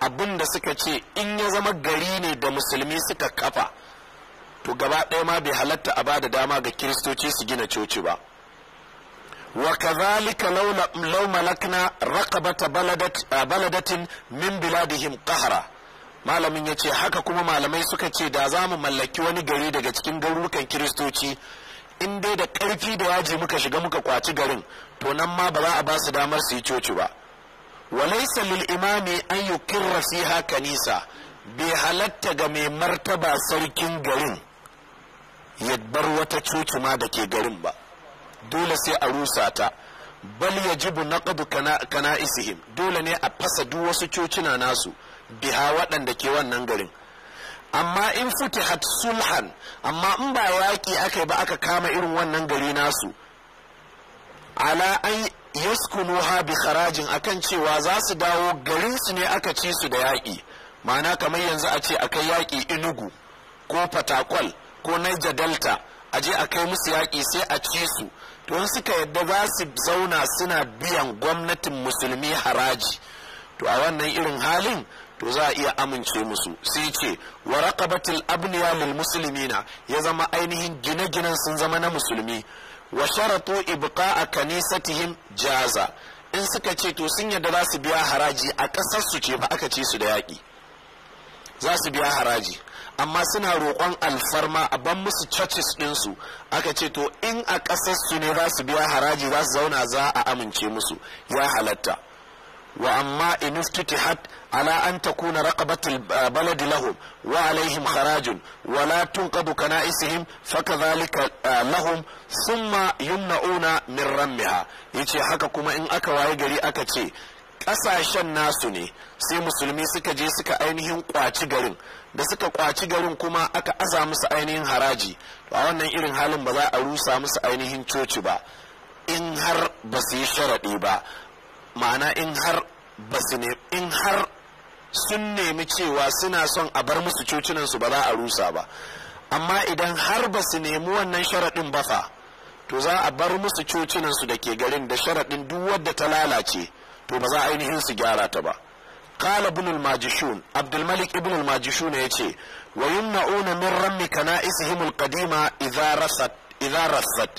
abin da suka ce in ya zama gari ne da musulmi suka kafa to gaba ɗaya ma bai halatta a ba da dama ga kiristoci su gina coci ba وكذلك لو لو ملكنا رقبة بلدة بلدة من بلادهم قهرا malamin ya ce haka kuma malamai suka ce da za mu mallaki wani gari daga cikin garurukan kiristoci in dai da ƙarfi da yaji muka shiga muka kwaci garin to nan ma ba za a ba su damar su yi coci ba walaisa lil imami an yukirra fiha kanisa bai halatta ga mai martaba sarkin garin ya bar wata coci ma da ke garin ba dole sai a rusa ta bal yajibu naqdu kana'isihim dole ne a fasa duk wasu cocina nasu biha waɗanda ke wannan garin amma in futihat sulhan amma in ba yaƙi aka ba aka kama irin wannan gari nasu ala an ha bi kharajin akan cewa za su dawo garin su ne aka ci su da yaƙi ma'ana kamar yanzu a ce akai yaƙi inugu ko fatakwal ko niger delta a je a kai musu yaƙi sai a ci su to suka yadda za su zauna suna biyan gwamnatin musulmi haraji to a wannan irin halin to za a iya amince musu sai ce wa raqabatil abniya lil muslimina ya zama ainihin gine-ginen sun zama na musulmi wa sharatu ibqa'a kanisatihim jaza in suka ce to sun yadda za su biya haraji a ƙasar su ce ba aka ce su da yaƙi za su biya haraji amma suna roƙon alfarma a ban musu churches ɗinsu aka ce to in a ƙasarsu ne za su biya haraji za su zauna za a amince musu ya halatta wa amma in had ala an takuna raqabatul eh, baladi lahum wa alaihim kharajun wa la tunqadu kana'isihim fakadhalika eh, lahum thumma yumna'una min rammiha yace haka kuma in aka waye gari aka ce ƙasashen nasu ne sai musulmi suka je suka ainihin kwaci garin da suka kwaci garin kuma aka aza musu ainihin haraji a wannan irin halin ba za a rusa musu ainihin coci ba in har ba su yi sharaɗi ba ma'ana in har ba su ne in har sun nemi cewa suna son a bar musu cocinansu ba za a rusa ba amma idan har ba su nemi wannan sharaɗin ba fa to za a bar musu cocinansu da ke garin da sharaɗin duk wadda ta lalace to ba za a ainihin su gyara ta ba قال ابن الماجشون عبد ya ce الماجشون يتي ويمنعون من رم كنائسهم القديمة إذا رست إذا رست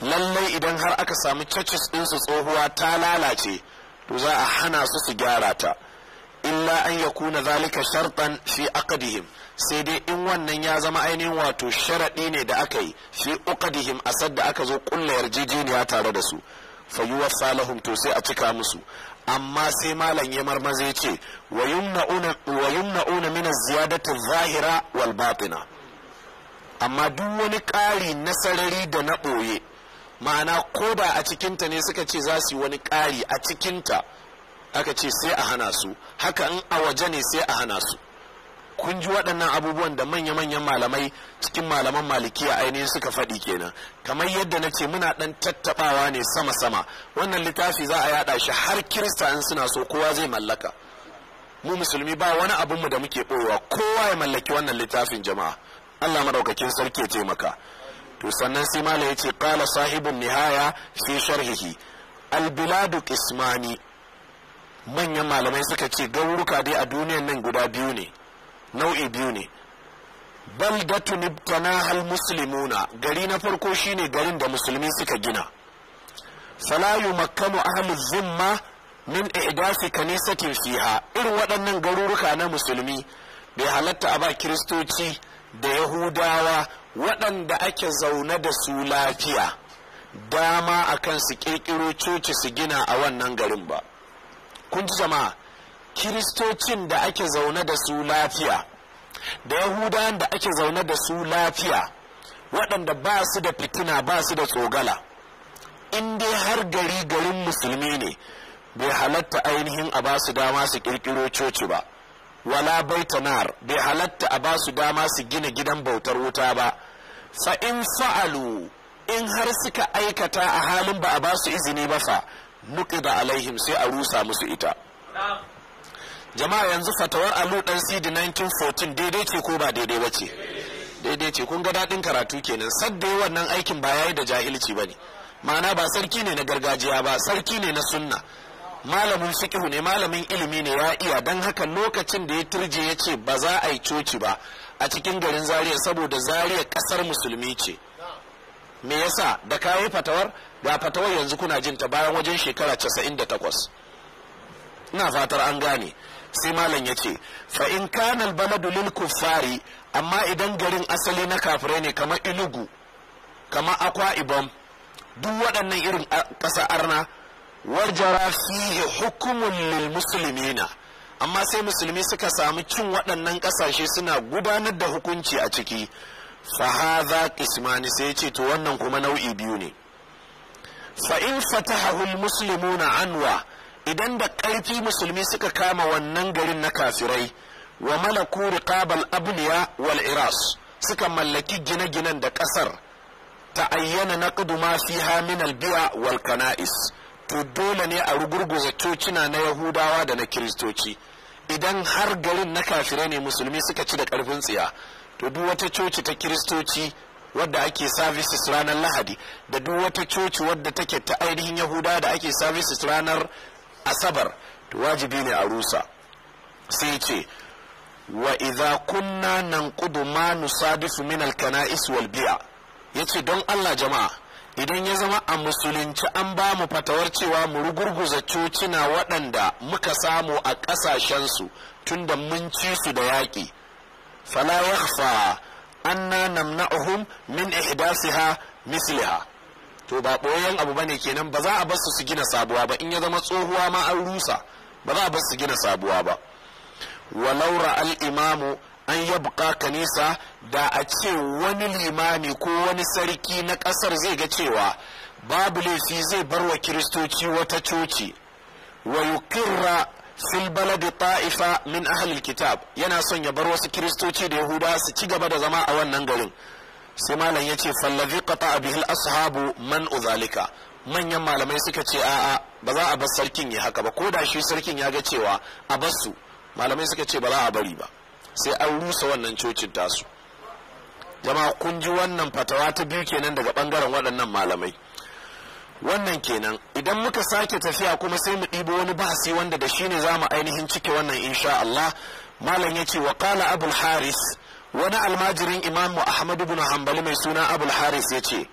lallai idan har aka sami churches su tsohuwa ta lalace to za a hana su su gyara ta illa an ya kuna zalika shartan fi aqdihim sai dai in wannan ya zama ainihin wato sharaɗi ne da aka yi fi uqdihim a sadda aka zo ƙulla yarjejeniya tare da su fayuwa salahun to sai a cika musu amma sai malam ya marmaze ce wa yumna'una min ziyadati zahira wal batina amma duk wani ƙari na sarari da na ɓoye ma'ana ko ba a cikinta ne suka ce za su wani ƙari a cikinta aka ce sai a hana su haka in a waje ne sai a hana su kun ji waɗannan abubuwan da manya-manyan malamai cikin malaman malikiya ainihin suka faɗi kenan kamar yadda na ce muna ɗan tattaɓawa ne sama-sama wannan littafi za a yaɗa shi har kirista in suna so kowa zai mallaka mu musulmi ba wani abinmu da muke ɓoyewa kowa ya mallaki wannan littafin jama'a allah maɗaukakin sarki ya taimaka to sannan sai Malam ya ce ƙala sahibin nihaya fi sharhihi albiladu qismani manyan malamai suka ce gauruka dai a duniyan nan guda biyu ne nau'i biyu ne baldatun hal muslimuna gari na farko shine garin da musulmi suka gina salayu makkamu ahlu zimma min ihdasi kanisatin fiha irin waɗannan garuruka na musulmi bai halatta a ba kiristoci da yahudawa waɗanda ake zaune da su lafiya dama akan su ƙirƙiro coci su gina a wannan garin ba kun ji jama'a kiristocin da ake zaune da su lafiya da yahudawan da ake zaune da su lafiya waɗanda ba su da fitina ba su da tsogala in dai har gari garin musulmi ne bai halatta ainihin a ba su dama su kirkiro coci ba wala baitanar bai halatta a ba su dama su gina gidan bautar wuta ba fa in fa'alu in har suka aikata a halin ba a ba su izini ba fa da alaihim sai a rusa musu ita jama'a yanzu fatawar alu dan sidi 1914 daidai ce ko ba daidai ba ce daidai ce kun ga daɗin karatu kenan sadda wannan aikin ba yayi da jahilci ba ne ma'ana ba sarki ne na gargajiya ba sarki ne na sunna malamin fiqhu ne malamin ilimi ne ya iya dan haka lokacin da ya turje ya ce ba za a yi coci ba a cikin garin zaria saboda Zariya kasar musulmi ce me yasa da kayi fatawar ga fatawar yanzu kuna jinta bayan wajen shekara 98 ina fatar an gane sai malam ya ce fa in kanal baladu lil kuffari amma idan garin asali na kafirai ne kamar ilugu kamar akwa ibom duk waɗannan irin ƙasa arna warjara fihi hukumun lil na amma sai musulmi suka samu cin waɗannan ƙasashe suna gudanar da hukunci a ciki fa hadha qismani sai ce to wannan kuma nau'i biyu ne fa in fatahahu al muslimuna anwa idan da ƙarfi musulmi suka kama wannan garin na kafirai wa malaku riqabal abliya wal iras suka mallaki gine-ginen da ƙasar ta ayyana na ma fiha min albiya wal kana'is to dole ne a rugurguza cocina na yahudawa da na kiristoci idan har garin na kafirai ne musulmi suka ci da ƙarfin tsiya to duk wata coci ta kiristoci wadda ake services ranar lahadi da duk wata coci wadda take ta ainihin yahudawa da ake services ranar asabar to wajibi ne a rusa sai ce wa idza kunna nanqudu ma nusadifu min alkana'is wal bi'a yace don Allah jama'a idan ya zama a musulunci an ba mu fatawar cewa mu rugurguza cocina waɗanda muka samu a ƙasashensu tunda mun ci su da yaƙi fala yakhfa anna namna'uhum min ihdasiha misliha to ba ɓoyon abu bane kenan ba za a bar su su gina sabuwa ba in ya zama tsohuwa ma an rusa ba za a bar su gina sabuwa ba walau al imamu an yabqa kanisa da a ce wani limami ko wani sarki na ƙasar zai ga cewa babu laifi zai bar wa kiristoci wata coci wa yukirra fil baladi ta'ifa min ahlil kitab yana son ya bar wasu kiristoci da yahuda su ci gaba da zama a wannan garin sai malam ya ce fallazi qata bihi ashabu man uzalika manyan malamai suka ce a'a ba za a bar sarkin ya haka ba ko da shi sarkin ya ga cewa a bar su malamai suka ce ba za a bari ba sai an rusa wannan cocin tasu jama'a kun ji wannan fatawa ta biyu kenan daga bangaren waɗannan malamai wannan kenan idan muka sake tafiya kuma sai mu ɗibo wani bahasi wanda da shi ne za mu ainihin cike wannan insha Allah malam ya ce wa qala abul haris wani almajirin Imam ahmad ibn hanbali mai suna abul haris ya ce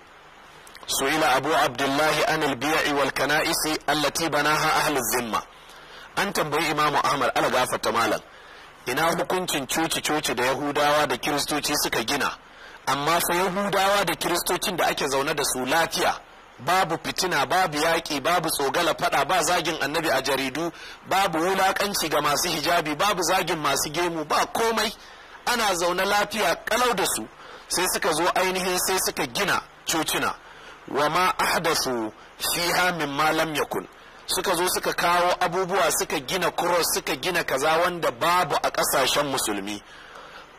su'ila abu abdullahi an albiya'i wal kana'isi allati banaha ahlul zimma an tambayi imamu ahmad ala ta malam ina hukuncin coci-coci da yahudawa da kiristoci suka gina amma fa yahudawa da kiristocin da ake zaune da su lafiya babu fitina babu yaƙi babu tsogala fada ba zagin annabi a jaridu babu wulaƙanci ga masu hijabi babu zagin masu gemu ba komai ana zaune lafiya kalau da su sai suka zo ainihin sai suka gina cocina wa ma ahdathu fiha malam lam yakun suka zo suka kawo abubuwa suka gina cross suka gina kaza wanda babu a kasashen musulmi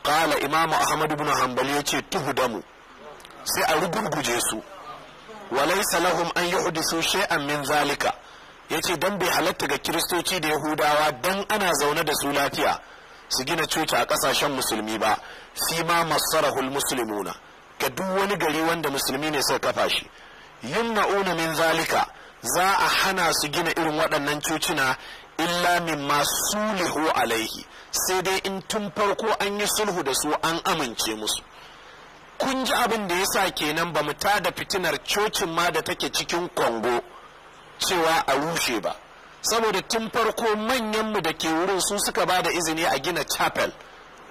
qala imamu ahmad ibn hanbal yace tuhdamu sai a rugurguje su walaysa lahum an yuhdisu shay'an min zalika yace dan bai halatta ga kiristoci da yahudawa dan ana zaune da su lafiya su gina coci a ƙasashen musulmi ba fi ma masarahul musulmuna ga duk wani gari wanda musulmi ne suka kafa shi na'una min zalika za a hana su gina irin waɗannan cocina illa min sulihu alaihi sai dai in tun farko an yi sulhu da su an amince musu kun ji abin da ya sa kenan ba mu tada fitinar cocin ma da take cikin kongo cewa a rushe ba saboda tun farko manyanmu da ke wurin su suka ba da izini a gina chapel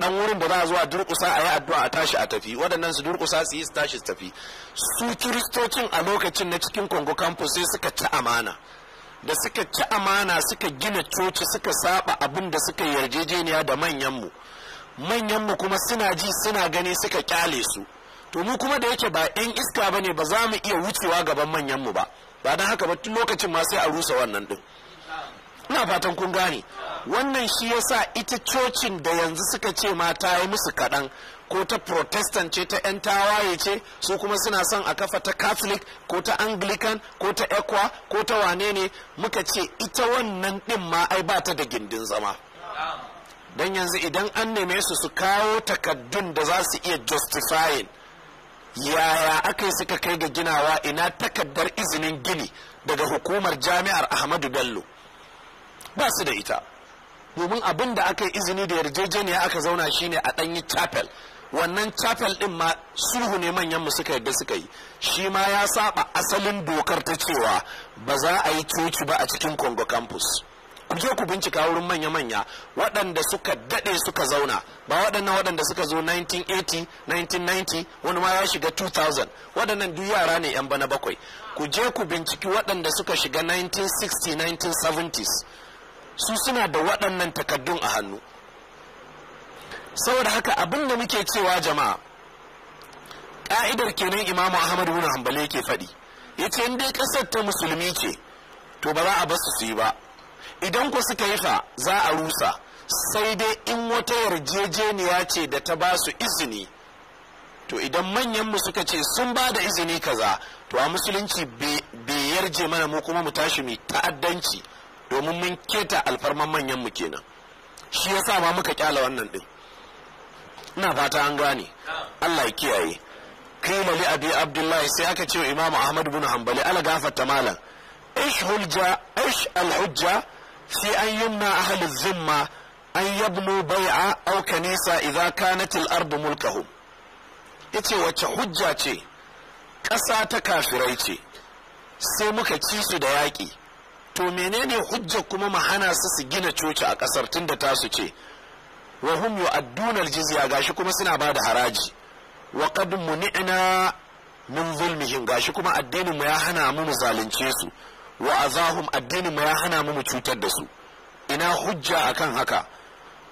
dan wurin da za a zuwa durkusa a yi addu'a a tashi a tafi waɗannan su durkusa su yi su tashi su tafi su kiristocin a lokacin na cikin kongo campus sai suka ci amana da suka ci amana suka gina coci suka saba abin da suka yarjejeniya da manyanmu manyanmu kuma suna ji suna gani suka kyale su to mu kuma da yake ba 'yan iska ba ne ba za mu iya wucewa gaban manyanmu ba ba don haka ba tun lokacin ma sai a rusa wannan din ina fatan kun gane wannan shi yasa ita cocin da yanzu suka ce mata ta yi musu kaɗan ko ta protestant ce ta 'yan tawaye ce su kuma suna son a kafa ta catholic ko ta anglican ko ta ekwa ko ta wane ne muka ce ita wannan ɗin ma ai ba ta da gindin zama don yanzu idan an neme su su kawo takaddun da za su iya justifying yaya aka yi suka kai ga ginawa ina takaddar izinin gini daga hukumar jami'ar ahmadu bello ba su da ita domin abin da aka yi izini da yarjejeniya aka zauna shine a ɗanyi chapel wannan chapel ɗin ma sulhu ne manyanmu suka yadda suka yi shi ma ya saba asalin dokar ta cewa ba za a yi coci ba a cikin congo campus ku je ku bincika wurin manya-manya waɗanda suka daɗe suka zauna ba waɗannan waɗanda suka zo 1980 1990 wani ma ya shiga 2000 waɗannan duk yara ne 'yan bana bakwai ku je ku binciki waɗanda suka shiga 1960 1970s su suna da waɗannan takaddun a hannu saboda haka abin da muke cewa jama'a ƙa'idar kenan imamu ahmad wuna hambali yake faɗi ya ce in dai ƙasar ta musulmi ce to ba za a basu su yi ba idan ku suka yi fa za a rusa sai dai in wata yarjejeniya ce da ta ba su izini to idan manyan mu suka ce sun ba da izini kaza to a musulunci bai yarje mana mu kuma mu tashi mu ta'addanci domin mun keta alfarman manyan mu kenan shi yasa ma muka kyala wannan din ina fata an gane Allah ya kiyaye Kai li abi abdullahi sai aka ce imamu ahmad bin hanbali ala gafarta malam ish hujja ish al hujja fi an yumna ahli zimma an yabnu bai'a aw kanisa idza kanat al ardu mulkahum yace wace hujja ce ƙasa ta kafirai ce sai muka ci su da yaƙi to menene hujja kuma mu hana su su gina coci a kasar tunda tasu ce wa hum yu'adduna al-jizya gashi kuma suna bada haraji wa qad muni'na min zulmihim gashi kuma addinin mu ya hana mu zalunce su wa azahum addinin mu ya hana mu mu cutar da su ina hujja akan haka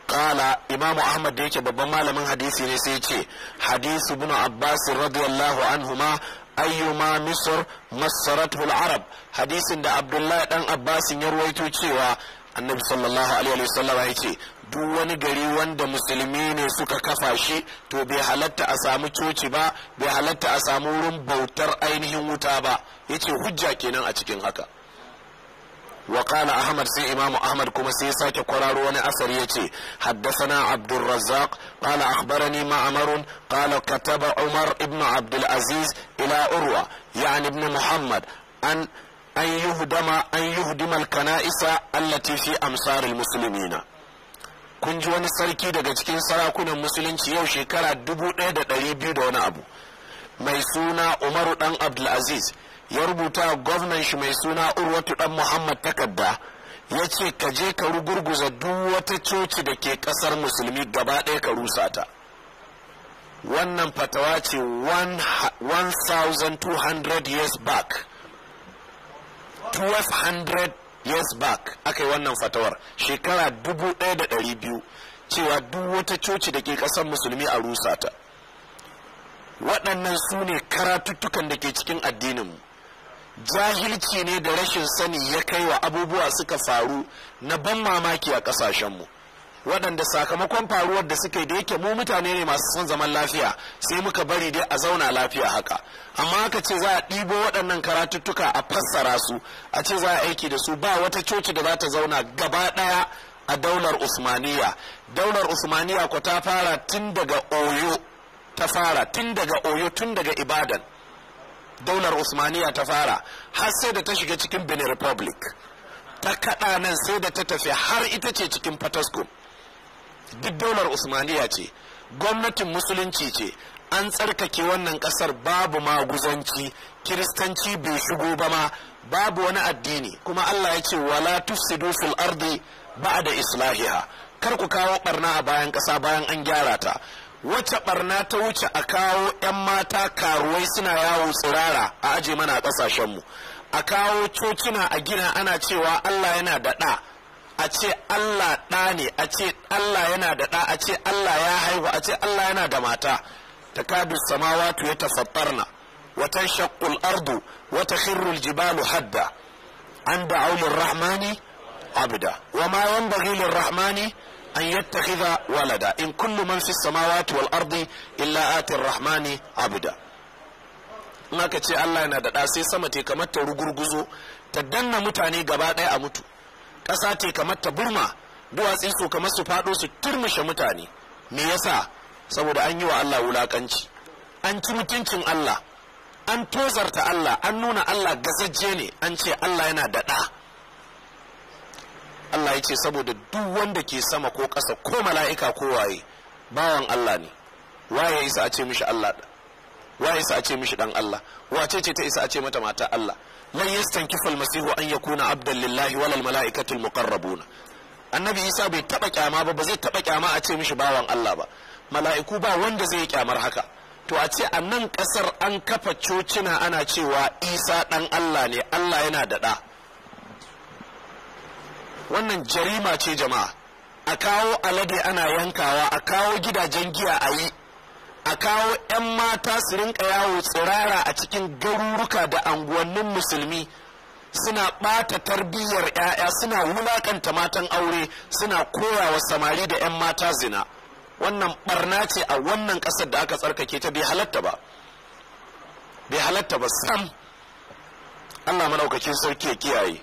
qala imam ahmad da yake babban malamin hadisi ne sai ce hadisi ibn abbas radiyallahu anhuma ayyuma misr masaratu al-arab hadisin da abdullahi dan abbasin ya ruwaito cewa annabi sallallahu alaihi wasallam ya ce duk wani gari wanda musulmi ne suka kafa shi to bai halatta a samu coci ba bai halatta a samu wurin bautar ainihin wuta ba yace hujja kenan a cikin haka wa ahmad sai imamu ahmad kuma sai ya sake kwararo wani asar yace haddathana abdul razzaq qala akhbarani ma'mar qala kataba umar ibn abd al aziz ila urwa yani ibn muhammad an an yuhdama an yuhdima al kana'isa allati fi amsar al muslimina kun ji wani sarki daga cikin sarakunan musulunci yau shekara dubu ɗaya da ɗari biyu da wani abu mai suna umaru ɗan abdulaziz ya rubuta gwamnan shi mai suna urwatu dan muhammad takarda ya ce ka je ka rugurguza duk wata coci da ke kasar musulmi gaba ɗaya ka rusa ta wannan fatawa ce 1200 years back 1200 years back aka yi wannan fatawar shekara 1200 cewa duk wata coci da ke kasar musulmi a rusa ta waɗannan su ne karatuttukan da ke cikin addininmu jahilci ne da rashin sani ya kai wa abubuwa suka faru na ban mamaki a ƙasashenmu waɗanda sakamakon faruwar da suka yi da yake mu mutane ne masu son zaman lafiya sai muka bari dai a zauna lafiya haka amma aka ce za a ɗibo waɗannan karatuttuka a fassara su a ce za a aiki da su ba wata coci da za ta zauna gaba ɗaya a daular usmaniya daular usmaniya ko ta fara tun daga oyo ta fara tun daga oyo tun daga ibadan daular usmaniya ta fara har sai da ta shiga cikin benin republic ta kaɗa nan sai da ta tafi har ita ce cikin fataskum duk daular usmaniya ce gwamnatin musulunci ce an tsarkake wannan ƙasar babu maguzanci kiristanci bai shigo ba ma babu wani addini kuma allah ya ce wala tufsidu fil ardi ba'da islahiha kar ku kawo barna a bayan ƙasa bayan an gyara ta wace barna ta wuce a kawo 'yan mata karuwai suna yawo tsirara a aje mana a ƙasashenmu a kawo cocina a gina ana cewa allah yana da ɗa a ce allah ɗa ne a ce allah yana da ɗa a ce allah ya haihu a ce allah yana da mata ta kadu tu ya tafattarna watan shakkul ardu wata khirrul jibalu hadda an da'aulin rahmani abida. wa ma yan bagilin rahmani an yattakhidha walada in kullu man fi samawati wal ardi illa ati rahmani abuda in aka ce Allah yana da sai sama te kamar ta rugurguzo ta danna mutane gaba ɗaya a mutu ƙasa te kamar ta burma duwatsi su kamar su faɗo su turmushe mutane me yasa saboda an yi wa Allah wulakanci an ci mutuncin Allah an tozarta Allah an nuna Allah gazajje ne an ce Allah yana da Allah ya ce saboda duk wanda ke sama ko kasa ko mala'ika ko waye bawan Allah ne waye isa a ce mishi Allah waye isa a ce mishi dan Allah wace ce ta isa a ce mata mata Allah lan yastankifu masihu an yakuna abdan lillahi wal mala'ikatu muqarrabuna annabi isa bai taba kyama ba ba zai taba kyama a ce mishi bawan Allah ba mala'iku ba wanda zai kyamar haka to a ce a nan kasar an kafa cocina ana cewa isa dan Allah ne Allah yana da da wannan jarima ce jama'a a kawo alade ana yankawa a kawo gidajen giya a yi a kawo 'yan mata su rinka yawo tsirara a cikin garuruka da anguwannin musulmi suna ɓata tarbiyyar 'ya'ya suna wulaƙanta matan aure suna koya wa samari da 'yan mata zina wannan barna ce a wannan ƙasar da aka tsarkake ta bai halatta ba bai halatta ba sam Allah maɗaukakin sarki ya kiyaye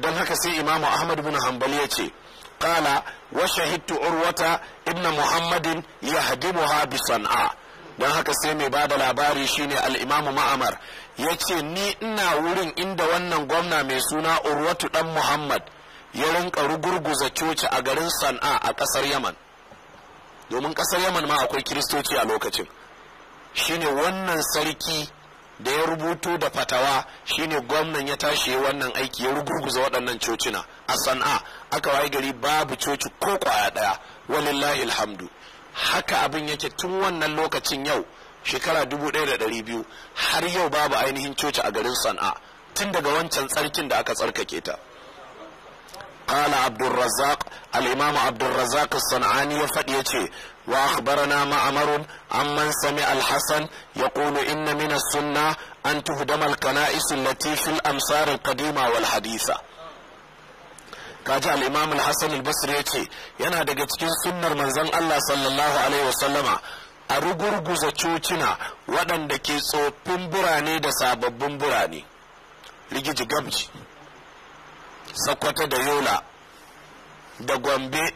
to don haka sai imamu ahmad bin hanbal ya ce kala wa shahidtu urwata ibn muhammadin yahdimuha bi san'a don haka sai mai ba da labari shine al'imamu ma'amar ya ce ni ina wurin inda wannan gwamna mai suna urwatu dan muhammad ya rinka rugurguza coci a garin san'a a kasar yaman domin ƙasar yaman ma akwai kiristoci a lokacin shine wannan sarki da ya rubuto da fatawa shine gwamnan ya tashi wannan aiki ya rugurguza waɗannan cocina a san'a aka waye gari babu coci ko kwaya ɗaya walillahi alhamdu haka abin yake tun wannan lokacin yau shekara dubu ɗaya da ɗari biyu har yau babu ainihin coci a garin san'a tun daga wancan tsarkin da aka tsarkake ta قال عبد الرزاق الإمام عبد الرزاق الصنعاني ya يتي وأخبرنا معمر عمن سمع الحسن يقول إن من السنة أن تهدم الكنائس التي في الأمصار القديمة والحديثة kaji al-imam al-hasan al ya ce yana daga cikin sunnar manzon Allah sallallahu alaihi a rugurguza cocina waɗanda ke tsoffin burane da sababbin burane rigiji gabji sakwata da yola da gombe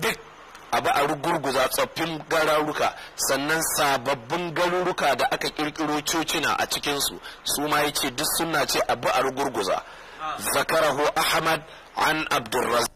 duk abu a rugurguza tsoffin gararuka sannan sababbin garuruka da aka kirkiro cocina a cikinsu su ma yace ce duk suna ce abu a rugurguza ah. zakarahu ahmad an abdulrazak